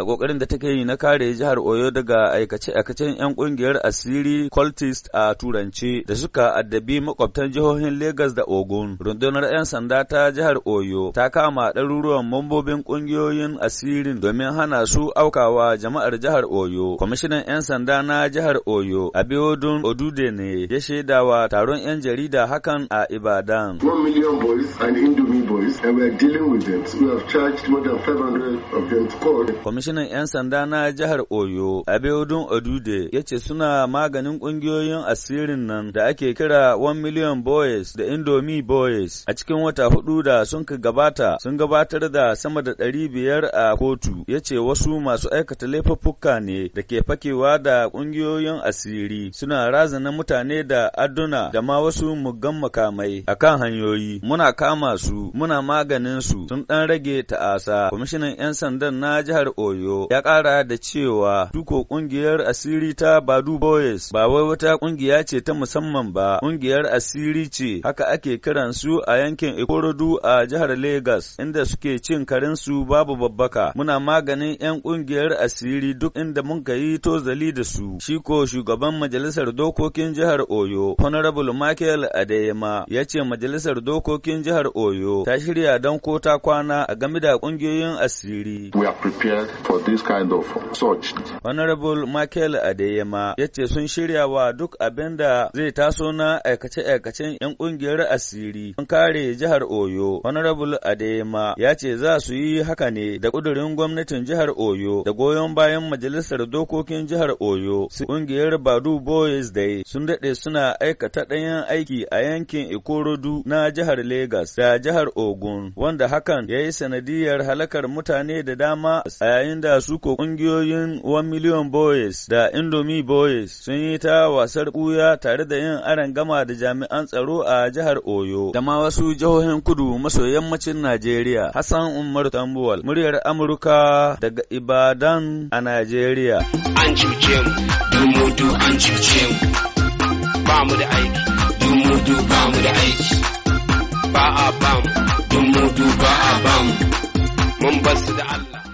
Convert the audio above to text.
a kokarin da take yi na kare jihar Oyo daga aikace-aikacen 'yan kungiyar asiri cultist a turance da suka addabi makwabtan jihohin Legas da Ogun. Rundunar 'yan sanda ta jihar Oyo ta kama ɗaruruwan mambobin kungiyoyin asirin domin hana su aukawa jama'ar jihar Oyo. Kwamishinan 'yan sanda na jihar Oyo Abiodun Odude ne ya shaidawa taron 'yan jarida hakan a Ibadan. boys kwamishinan 'yan sanda na jihar Oyo, Abiodun Odude, ya ce suna maganin ƙungiyoyin asirin nan da ake kira 1 Million Boys da Indomie Boys. A cikin wata hudu da sun ka gabata, sun gabatar da sama da ɗari biyar a kotu. Ya ce wasu masu aikata laifuffuka ne da ke fakewa da ƙungiyoyin asiri suna razana mutane da adduna da ma wasu muggan makamai a kan hanyoyi. Muna kama su, muna maganin su, sun ɗan rage ta'asa. Kwamishinan 'yan sandan na jihar Oyo Oyo ya ƙara da cewa duko ƙungiyar asiri ta Badu Boys ba wai wata kungiya ce ta musamman ba Kungiyar asiri ce haka ake kiran su a yankin Ikorodu a jihar Legas inda suke cin karin su babu babbaka muna maganin 'yan kungiyar asiri duk inda mun yi tozali da su shi ko shugaban majalisar dokokin jihar Oyo Honorable Michael Adeyema ya ce majalisar dokokin jihar Oyo ta shirya don ko ta kwana a game da ƙungiyoyin asiri. We are prepared for this kind of search. Honorable Michael Adeyema ya ce sun shirya wa duk abin da zai taso na aikace-aikacen 'yan kungiyar asiri don kare jihar Oyo. Honorable Adeyema ya ce za su yi haka ne da ƙudurin gwamnatin jihar Oyo da goyon bayan majalisar dokokin jihar Oyo. Su kungiyar Badu Boys Day sun daɗe suna aikata ɗayan aiki a yankin Ikorodu na jihar Legas da jihar Ogun wanda hakan ya yi sanadiyar halakar mutane da dama a yayin yayin da su ko ƙungiyoyin One Million Boys da Indomie Boys sun yi ta wasar ɓuya tare da yin aron gama da jami'an tsaro a jihar Oyo da ma wasu jihohin kudu maso yammacin Najeriya. Hassan Umar Tambuwal, muryar Amurka daga Ibadan a Najeriya. An cuce mu, an cuce mu, ba mu da aiki, du ba mu da aiki, ba a ba mu, du ba a ba mu, mun basu da Allah.